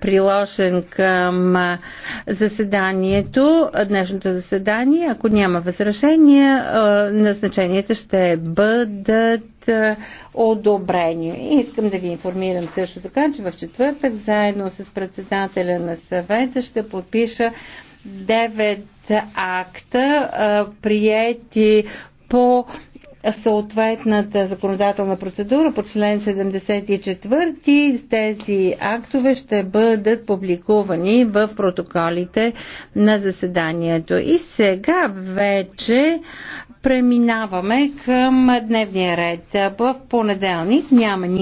приложен към заседанието, днешното заседание. Ако няма възражения, назначенията ще бъдат одобрени. И искам да ви информирам също така, че в четвъртък заедно с председателя на съвета ще подпиша 9 акта, приети по съответната законодателна процедура по член 74 тези актове ще бъдат публикувани в протоколите на заседанието. И сега вече преминаваме към дневния ред. В понеделник няма никакъв